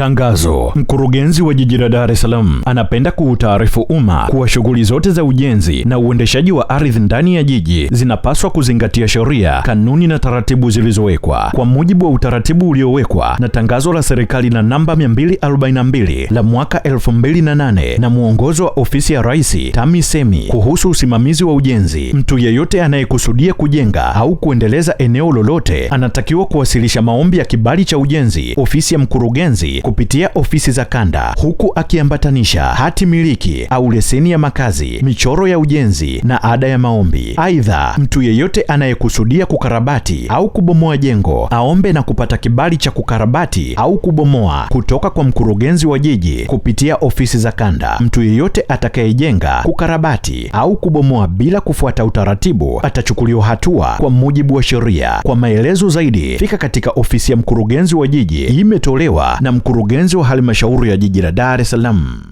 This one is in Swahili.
Tangazo: mkurugenzi wa jiji la Dar es Salaam anapenda kuutaarifu umma kuwa shughuli zote za ujenzi na uendeshaji wa ardhi ndani ya jiji zinapaswa kuzingatia sheria, kanuni na taratibu zilizowekwa kwa mujibu wa utaratibu uliowekwa na tangazo la serikali la namba 242 la mwaka 2008 na, na mwongozo wa ofisi ya Rais TAMISEMI kuhusu usimamizi wa ujenzi. Mtu yeyote anayekusudia kujenga au kuendeleza eneo lolote anatakiwa kuwasilisha maombi ya kibali cha ujenzi ofisi ya mkurugenzi kupitia ofisi za kanda, huku akiambatanisha hati miliki au leseni ya makazi, michoro ya ujenzi na ada ya maombi. Aidha, mtu yeyote anayekusudia kukarabati au kubomoa jengo aombe na kupata kibali cha kukarabati au kubomoa kutoka kwa mkurugenzi wa jiji kupitia ofisi za kanda. Mtu yeyote atakayejenga, kukarabati au kubomoa bila kufuata utaratibu atachukuliwa hatua kwa mujibu wa sheria. Kwa maelezo zaidi, fika katika ofisi ya mkurugenzi wa jiji, imetolewa na mkurugenzi mkurugenzi wa halmashauri ya jiji la Dar es Salaam